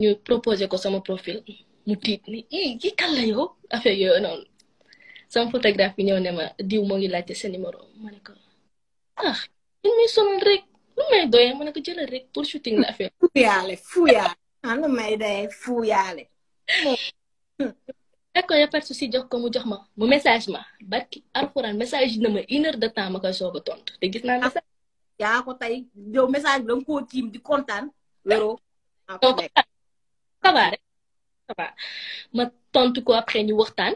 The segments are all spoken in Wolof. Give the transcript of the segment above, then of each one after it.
ñu proposé ko sama profil mu tiit ni eh, kii kan la yow affaire yooyu noonu sama photographe bi ne ma diw moo ngi laajte sa numéro ma ne ko ah ñu rek lu may doyee ma ne jëlal rek pour shooting la affaire. fuyaale fuyaale ah lu may doyee fuyaale. d'accord y a pas jox ko mu jox ma mu message ma barki alxuraan message na ma de temps ma koy soog a te gis naa message. Ah, yaa ko tey yow message bi da koo tiim di kontaan. wéroo. ça va rek ça va ma tontu ko après ñu waxtaan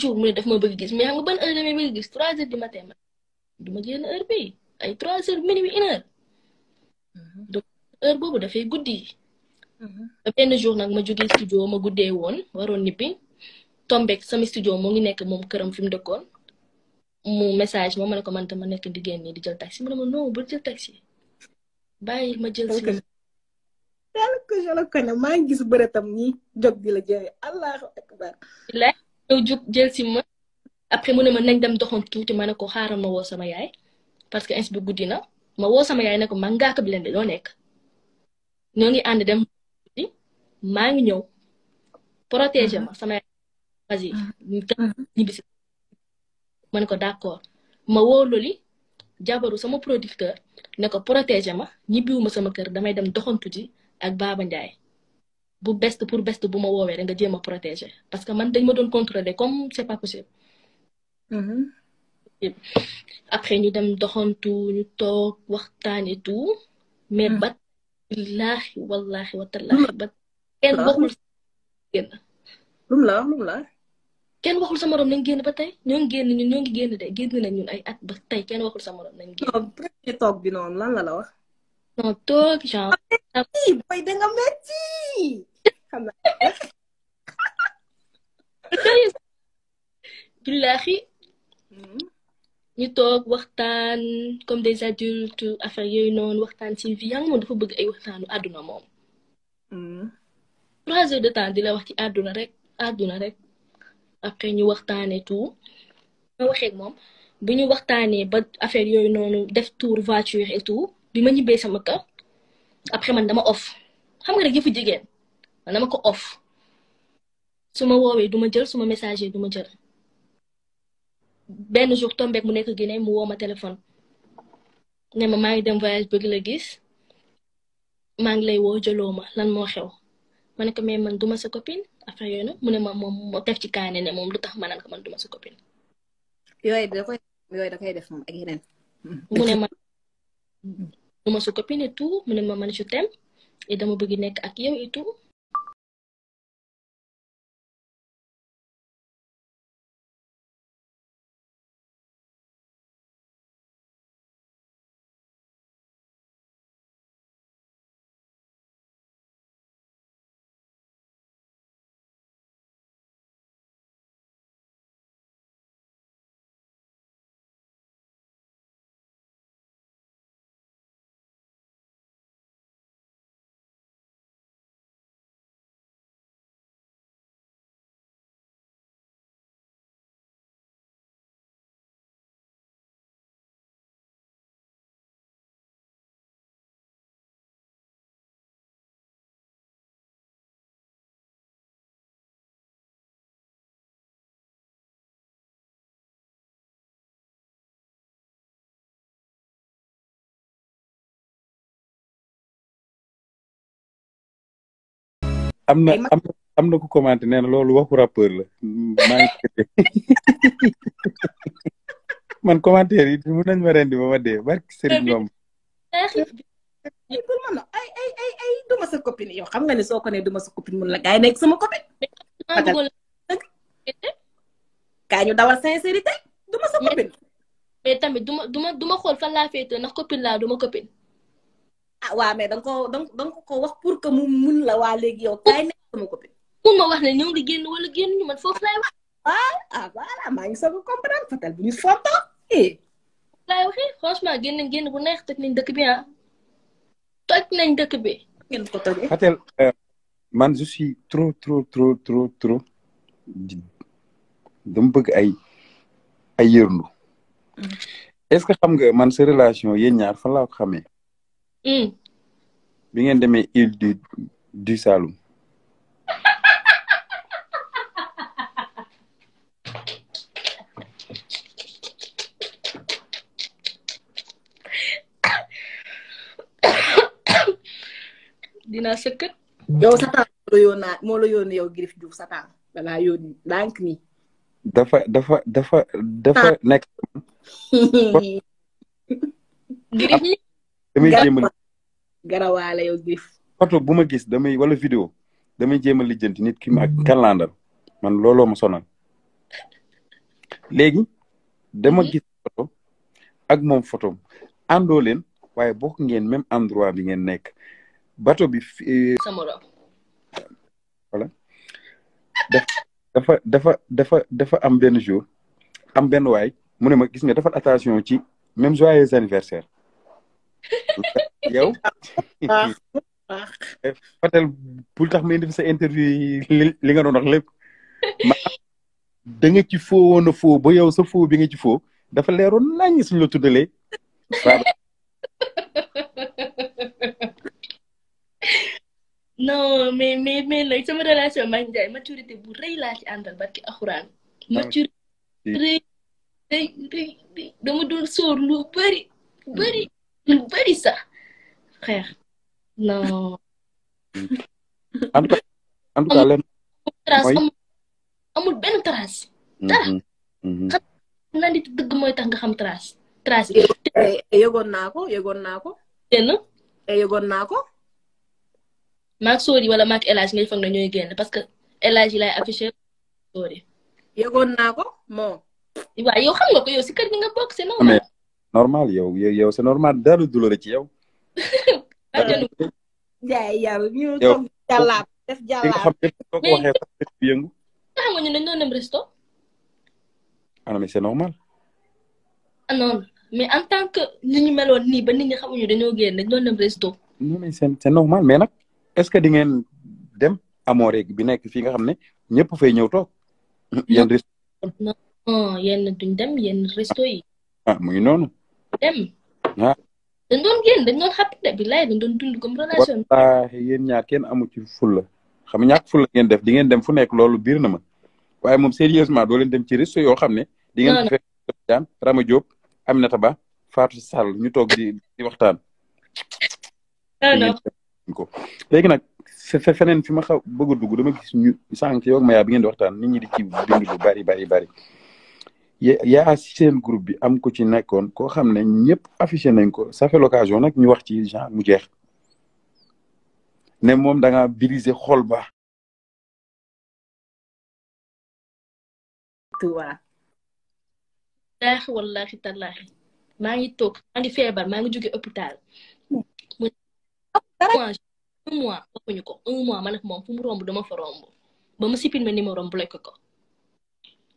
jour mu def ma bëgg gis mais xam nga ban heure damay bëgg gis 3 heures du matin ma du ma génn heure bi ay 3 heures minuit une heure mm-hmm. donc heure boobu dafay guddi mm-hmm. benn jour nak ma jógee studio ma guddee woon waroon nippi tombek sama studio mo ngi nekk moom këram fi mu dëkkoon mu message moom ma ne ko man tam ma nekk di génn di jël taxi mu ne ma non bu jël taxi bàyyi ma jël si yàlla ko jëloon ko ne maa ngi gis bëreetam ñi jóg di la jëlee allahu akbar. bilaay ñëw jóg jël si ma après mu ne ma nañ dem doxantu tuuti ma ne ma woo sama yaay parce que insi bi guddi na ma woo sama yaay ne ko man bi leen dañoo nekk ñoo ngi dem maa ngi ñëw mhm. protéger ma sama vas y ñibbisi ma ne ko d'accord ma woo loli jabaru sama producteur ne ko protéger ma ñibbiwuma sama kër damay dem doxantu ji ak Baba Ndiaye bu best pour best bu ma woowee rek nga jéem a protéger parce que man dañ ma doon contrôler comme c'est pas possible. Mm-hmm. après ñu dem doxantu ñu toog waxtaan et tout. mais mm-hmm. ba. billaahi wallaahi watallaahi ba kenn waxul. lum la lum la. kenn waxul sa morom nañ génn ba tey ñoo ngi génn ñun ñoo ngi génn de génn nañ ñun ay at ba tey kenn waxul sama morom nañ génn. non premier toog bi noonu lan la la wax. genre. Ah, mm-hmm. comme des adultes affaire non, noonu ci vie yaa ngi moom dafa ay mm-hmm. trois heures de temps di la wax ci rek rek après et tout. ma waxee mom, moom des ñu waxtaanee ba affaire yooyu def tour voiture et tout. bima ñibé sama kër après man dama off xam nga rek yëfu jigen man dama ko off suma wowe duma jël suma message duma jël ben jour tombeek mu nek guiné mu woo ma téléphone né ma may dem voyage bëgg la gis ma ngi lay wo jëloma lan mo xew mané ko mais man duma sa copine après yooyu nag mu né ma mom mo def ci kané né mom lutax tax ko man duma sa copine. yoy da koy yoy da koy def mom ak yenen mu né ma uma suka pini tu mene manusia tem, shutem ida mau begine ka itu am na am ku commenté nee na loolu waxu rappeur la man commentaire yi mun nañ ma rendi ba ma dee barki sëriñ ñoom pour man ay ay ay ay duma sa copine yow xam nga ne soo ko ne duma sa copine mun la gaay nekk sama copine kaa ñu dawal sincérité duma sa copine mais tamit duma duma xool fan laa féetee ndax copine laa duma copine ah waa mais da nga ko wax pour que mu mun la waa léegi yow kaay nekk sama copine. ma wax ne ñoo ngi génn wala génn ñu man foofu wax. ah ah voilà maa ngi soog a comprendre fatal bu ñu fonto eh. laay waxee génn nañ génn bu neex toj nañ dëkk bi ah. toj dëkk bi. ngeen ko tojee fatal euh, man je suis trop trop trop trop trop. dama ay ay mm. est ce que xam nga man sa relation yéen ñaar fan laa ko xamee. Hmm. bi ngeen demee île du du Saloum. dinaa sëkkat. yow satan moo la yónnaa yow Griff Diouf satan balaa yónni ndànk nii. dafa dafa dafa dafa nekk. Griff damay jéem a garawaale yow gif photo bu ma gis damay wala vidéo damay jéem a lijjanti nit ki ma ak mm-hmm. man looloo ma sonal léegi dama mm-hmm. gis photo ak moom photo àndoo leen waaye bokk ngeen même endroit bi ngeen nekk bato bi. Eh, voilà dafa dafa dafa dafa am benn jour am benn waay mu ne ma gis nga dafa attention ci même joyeux anniversaire. yow. baax Fatel bul tax may def sa interview li nga doon wax lepp da nga ci fo wona fo ba yow sa fo bi nga ci foo dafa leeroon nañ suñ la tuddalee. non mais mais mais léegi sama relation ak Ndiaye maturité bu rëy laa ci àndal barki axuraan. Ah, maturité rëy rëy rëy dama doon sóor lu bari. bëri body ça, frère. Non. en tout cas, en tout cas, len amul benn trace. dara. xam naa nit dëgg mooy tax nga xam trace. trace bi. yëgoon naa ko yëgoon naa ko. génn. yëgoon naa ko. maak wala maak El Hadj ngay foog ne ñooy génn parce que El Hadj laay affiché Sori. yëgoon kan naa ko moom. waaw yow xam nga ko yow si kër gi nga bokk ya, normal ya, ya, ya, c'est normal dalu dulu la ya, yow. ya, ya ñu toog jàllaab def jàllaab. mais xam nga ñun dañu doon dem resto. Anu, oh, iya. ah mais c'est normal. ah non mais en tant que ni ñu meloon nii ba nit ñi xamuñu dañoo doon dem resto. non mais c'est c'est normal mais nag est-ce que di ngeen dem amoo bi nekk fii nga xam ne fay ñëw toog. yéen resto. non yenn duñ dem yenn resto yi. ah muy noonu. dem. ah. dañ doon génn dañ doon xàpp de billaay dañ doon dund comme relation. wallaahi yéen ñaar kenn amu ci fulla xam ñàkk fulla ngeen def di ngeen dem fu nekk loolu biir na ma waaye moom sérieusement doo leen dem ci réseau yoo xam ne. di ngeen fekk daan Rama Diop Aminata Ba Fatou Sall ñu toog di waxtaan. ko léegi nag fe feneen fi ma xaw bëgg a dugg dama gis ñu sànq yow ak Maya bi ngeen waxtaan nit ñi di ci bind lu bari bari bari. yaa si seen group bi am ku ci nekkoon koo xam ne ñëpp affiché nañ ko ça l'occasion nag ñu wax ci genre mu jeex ne moom da nga briser xol ba. waaw. daax wallaahi ngi toog maa ngi feebar maa ngi jóge hôpital. mois waxuñu ko un moom fu romb dama fa romb ba ma supprimé numéro bloqué ko.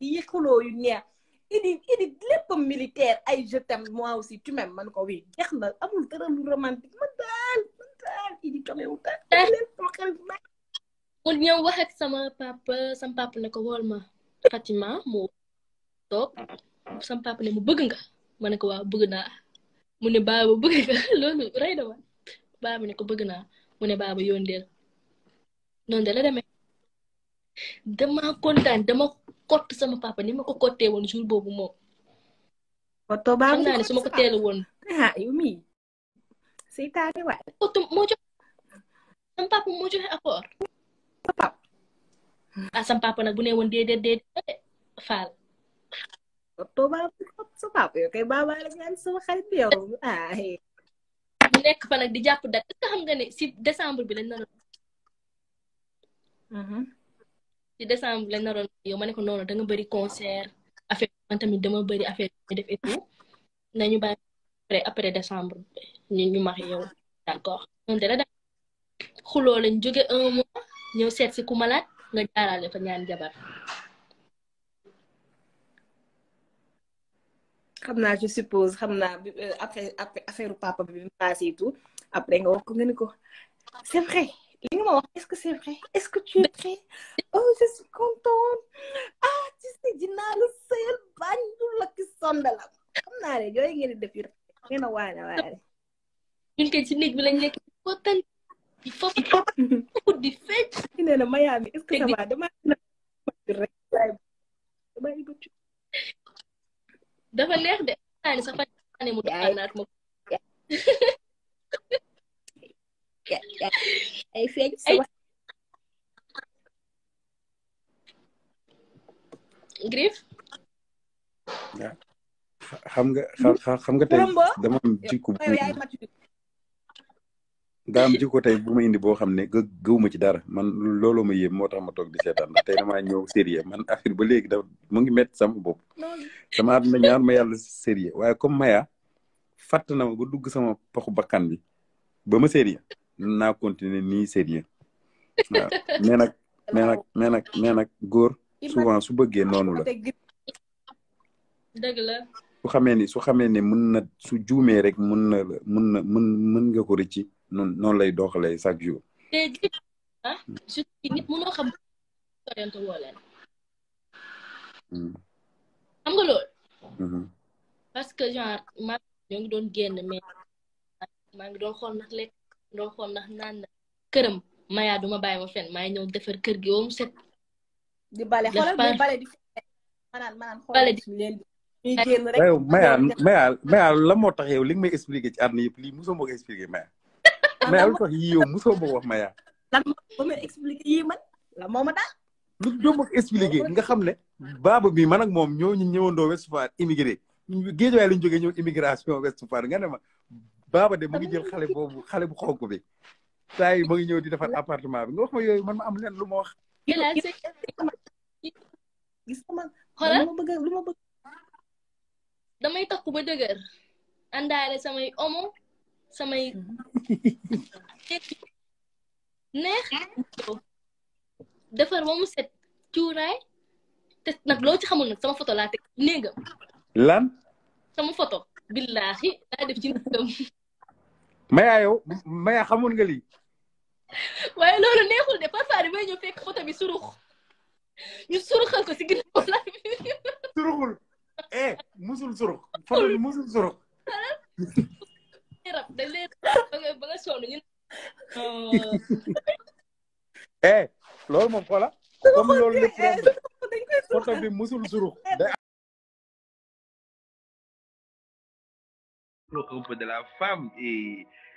yëkkaloo yu idi idi léppam militaire ay je t'aime moi aussi tu m'aimes man ko wi jeex na amul dara lu romantique man daal man daal idi comewu ta eh. leen sama xel ma mu ñëw wax ak sama papa sama papa ne ko wool ma Fatima sama papa ne mu bëgg nga ma ne ko waaw bëgg naa mu ne baaba bëgg nga loolu rey na ma baaba ne ko bëgg naa mu ne baaba de dama kontaan dama kott sama papa ni ma ko kottee woon jour bobu mo kottoo ba xam ni ne su ma ko teel woon. ah yow wa seytaane waay. kott moo sama papa mo joxe accord. papa. a sama papa nak bu won woon déedéet fal faal. ba baaxul sa papa yo kay baba la ñaan sama xarit bi yo ay. nek fa nak di japp dat nga xam mhm. nga ni si décembre bi lañ naroon ci décembre lañ naroon yow ma ne ko noonu da nga bëri concert affaire man tamit dama bëri affaire bi def et tout nañu bàyyi après après décembre ñu ñu mari yow d' accord noonu de la daal xuloo lañ jóge un mois ñëw seet si ku malaat nga jaarale fa ñaan jabar xam naa je suppose xam naa après après affaire papa bi bi mu passé et tout après nga wax ko nga ni ko c'est vrai ma wax est-ce que c'est vrai est-ce que tu es prêt oh je suis contente ah tu sais dinaa la sëyal bañ du lakk sondalam xam naa ne yooyu ngeen di def yu nee na waane ci néeg bi lañ nekk dafa leer de sax fa ne mu daanaat ma yeah, yeah. I think so. Grif? Ja. Xam nga xam nga tey dama am jikko bu daa am jikko tey bu indi boo xam ne gëwuma ci dara man lolo ma yéem moo ma toog di seetaan ndax tey damaa ñëw man affaire ba léegi da mu ngi métti sama bopp sama àdduna ñaan ma yàlla sérieux waaye comme maya Fatna na ma ba dugg sama paxu bakkan bi ba ma sérieux naa continuer nii sérieux waaw mais nag mais nag nag mais nag góor souvent su bëggee noonu la dëgg la su xamee ni su xamee ne mën na su juumee rek mën na mën na mën mën nga ko rëcci noonu noonu lay doxalee chaque jour ah xam soyante woo hmm. hmm. parce que genre maa ñoo ngi doon génn mais maa ngi doon xool nag lekk noo xool ndax naan na këram mayaa duma bàyyi ma fen maay ñëw defar kër gi woo mu set di bale xoolal di bale di manaan la moo tax yow li nga may expliqué ci àdduna yëpp lii mosoo ma ko expliqué mayaa mayaa lu ko wax ma expliqué yii man nga xam ne baaba bi man ak moom ñëw ñu ñëwandoo Ouest Foire immigré géej waaye lañ ñëw immigration Ouest Foire nga ne ma baaba de mu ngi jël xale boobu xale bu xonk bi saa yi ma ñëw di defar appartement bi nga wax ma yooyu man ma am leen lu ma wax. gis nga man. xoolal lu ma bëgg lu damay takku ba dëgër. àndaale samay omo samay. neex. defar ba mu set cuuraay te nag loo ci xamul nag sama photo laa teg néegam. lan. sama photo. billaahi laa def ci néegam. Maya yow Maya xamoon nga lii. waaye loolu neexul de parfois damay ñëw fekk photo bi surux ñu eh, surux. photo bi la femme et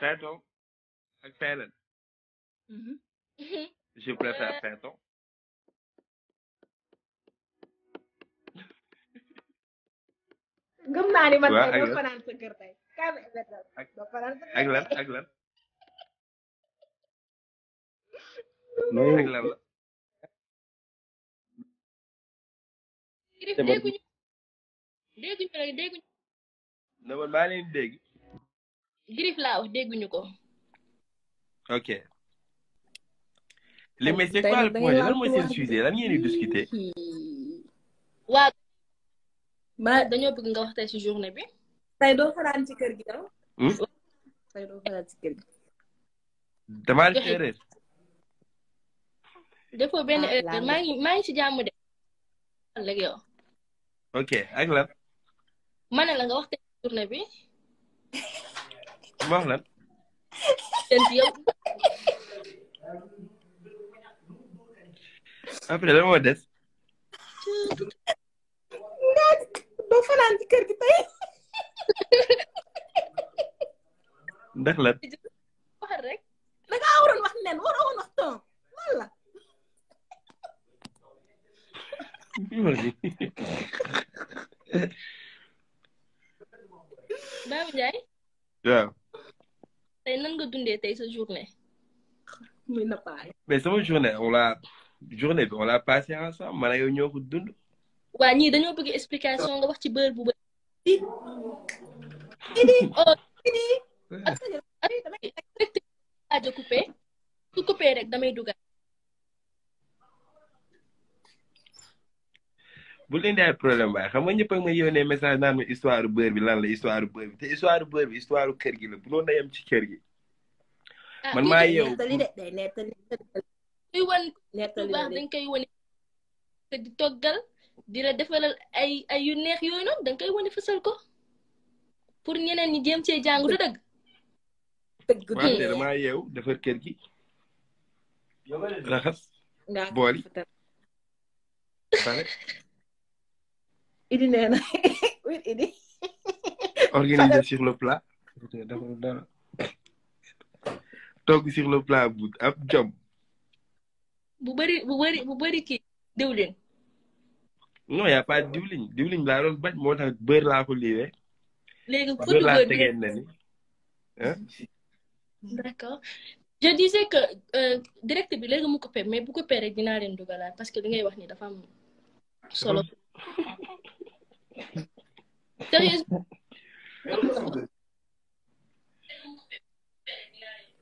Python ak Pylon. je préfère Python. gëm naa ni man tey doo fanaan sa kër tey. doo fanaan sa kër ak lan ak lan. ak lan la. dégguñu dégguñu dégguñu. ne man maa leen dégg. griffe laa wax dégguñu ko. ok. li oh, mais c'est quoi le point lan mooy seen sujet lan ngeen di discuter. waa. ma dañoo bëgg nga wax tey si journée bi. tey doo fanaan ci kër gi hmm? ci damaa def erreur. defoo benn ah, erreur maa ngi maa ngi si jàmm de. léegi yow. ok ak lan. ma ne la nga wax tey bi. wax après lan moo des. ndax doo fanaan gi tey. ndax liggéey tey sa journée. muy sama journée on l'a journée bi on l'a passé ensemble man ak yow ñoo dund. waa ñii dañoo bëgg explication nga wax ci bër bu bëri. idi oh idi. ak sa su coupé rek damay dugal. bu leen di ay problème waaye xam nga ñëpp ak may yónnee message naan histoire bër bi lan la histoire bër bi te histoire bër bi histoire kër gi la bu noonu la yem ci kër gi. man maa yow nettali de day wan ku baax dañ koy wane te di toggal di la defalal ay ay neex yooyu noonu danga koy wane fësal ko pour ñeneen ñi jéem cee jàng du dëgg waaw te damaa defar kër gi raxas booli pare idi nee na idi organiser le plat dara togg sur le plat bu ab jom. bu bëri bu bëri bu bëri kii diwlin. non y' a pas diwlin diwlin laa doon moo tax beurre laa ko liiwee. léegi kuddu ni ah. d' je disais que euh, direct bi léegi mu coupé mais bu coupé rek dinaa parce que li ngay wax ni dafa solo.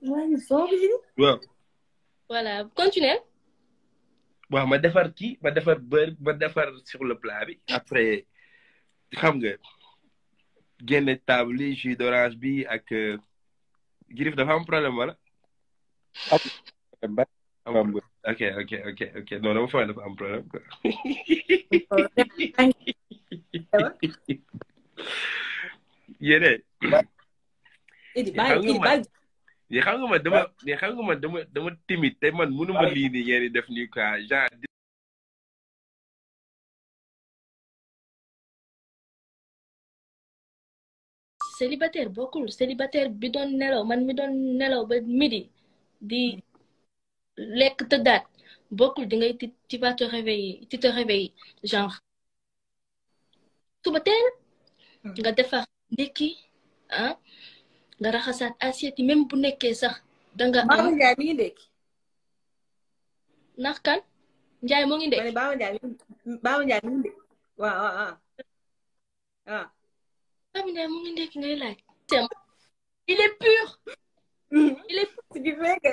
Ouais. voilà continue. faire ma Je vais ma defar beurre vais faire sur le plat Après, après xam nga génne table J'ai jus un euh, problème voilà. ok ok ok ok non problème quoi. Je suis ah. timide te man ah. célibataire bokul célibataire bi doon man mi midi di lekk tëddaat bokul di ngay tu vas te réveiller tu te réveilles genre suba teel hmm. nga defar hein. nga raxasat assiette même bu nekké sax nga am ba Ndiaye ni ngi ndékki kan Ndiaye mo ngi ndékki ba Ndiaye Baba Ndiaye mi ngi wa wa wa ah ba Ndiaye mo ngi ndékki ngay laaj il est pur il est pur du qui fait que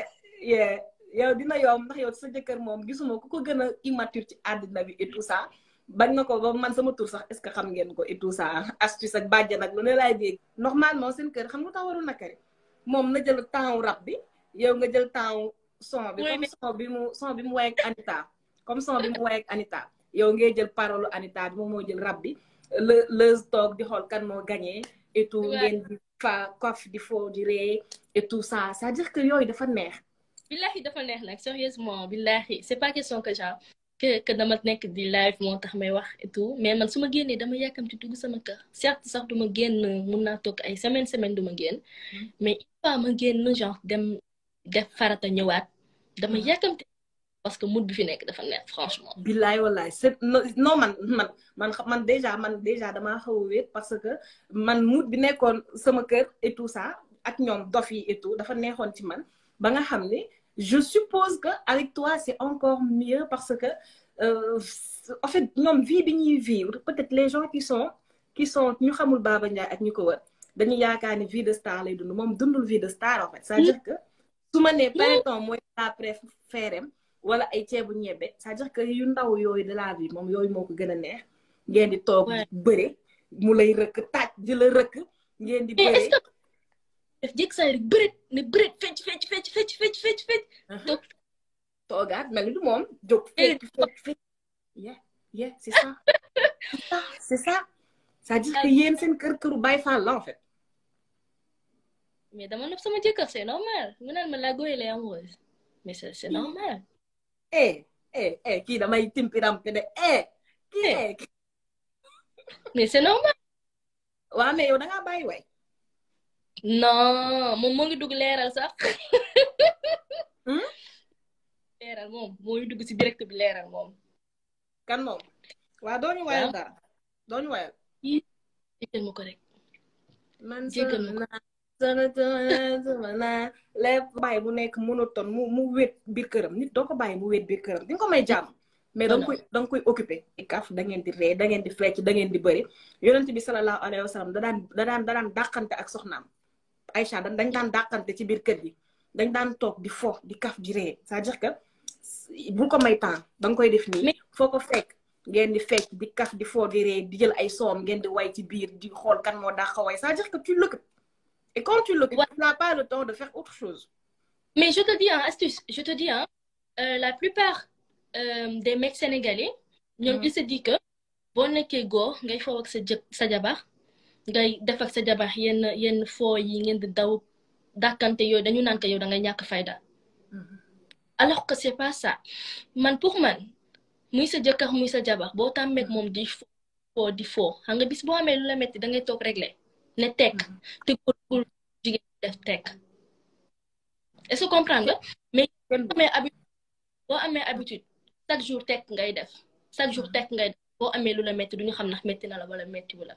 yow dina yomb ndax yow sa jëkkër mom gisuma ko gëna immature ci àddina bi et tout ça bañ na ko ba man sama tur sax est-ce que xam ngeen ko et tout ça astuce ak bàjjan ak lu ne laay dégg normalement sen kër xam nga tax warul nakari moom na jël temps rap bi yow nga jël temps son bi comme son bi mu son bi mu woy ak comme son bi mu woy ak Anita yow ngay jël parole Anita bi moom moo jël rap bi le leuse toog di xool kan moo gagné et tout ngeen fa kof di foo di ree et tout ça c'est-à-dire que yooyu dafa neex billahi dafa neex nag sérieusement billahi c'est pas question que genre que dama nekk di live moo tax may wax et mais man su ma génnee dama yàkkamti dugg sama kër certes sax du ma génn mun naa toog ay semaine semaine du ma génn hmm. mais une fois ma génn genre dem def a ñëwaat dama hmm. yàkkamti parce que mut bi fi nekk dafa neex franchement. billaay wallaay c'est non man man man man déjà man déjà damaa xaw a wéet parce que man mood bi nekkoon sama kër et tout ça ak ñoom dof yi et dafa neexoon ci man ba nga xam ni. Je suppose avec toi, c'est encore mieux parce que, euh, en fait, l'homme vit bien vivre. Peut-être les gens qui sont, qui sont, nous vie de star lay dund nous dundul vie de star en fait c'est-à-dire que par exemple wala ay c'est-à-dire que yu ndaw de la vie a neex ngeen di lay taaj di def ne Uhum. Togado, mais do mom. Donc, fake, fake, fake. Yeah, yeah, c'est ça. c'est ça. Ça dit que yéen seen kër këru Baye Fall là, en fait. Mais dans mon absence, je c'est normal. Mu naan ma la goy lay amoureuse. Mais iya. c'est normal. Eh, eh, eh, kii damay timpiram que de eh. qui eh. E. Mais c'est normal. Waa mais on a un bail, way. Non, mon monde est dugg ça. Hmm? leeral moom moo ñu dugg si direct bi leeral moom. kan moom waaw doo ñu wayal daal doo ñu wayal. jéggal ma ko rek. man naa lépp bàyyi mu nekk monotone mu mu wéet biir këram nit doo ko bàyyi mu wéet biir këram di nga ko may jàmm. mais da nga koy da nga koy occupé kaf da ngeen di ree da ngeen di fecc da ngeen di bëri ti bi salallaahu alayhi wa sallam da daan da daan da daan dàqante ak soxnaam Aïcha dañ daan dàqante ci biir kër gi. dañ daan di di kaf di c'est-à-dire que bu ko may temps koy def di di kaf di di ree di jël ay c'est-à-dire que tu et quand tu tu n'as pas le temps de faire autre chose mais je te dis hein, astuce je te dis hein, euh, la plupart euh, des mecs sénégalais mm. se dit que ngay ak sa sa ngay def ak sa yenn yenn yi di Dakante yo dañu nan ko yow da nga ñak fayda mm-hmm. alors que c'est pas ça man pour man muy sa jëkkër muy sa jabar boo tàmmeeg mom di fo di fo nga bis bo amé lu la metti da ngay tok régler ne tek mm-hmm. te ko jigéen def tek est-ce comprendre mais boo amee habitude bo amé habitude chaque jour tek ngay def chaque jour tek ngay def bo amé lu la metti du ñu xam metti na la wala metti wala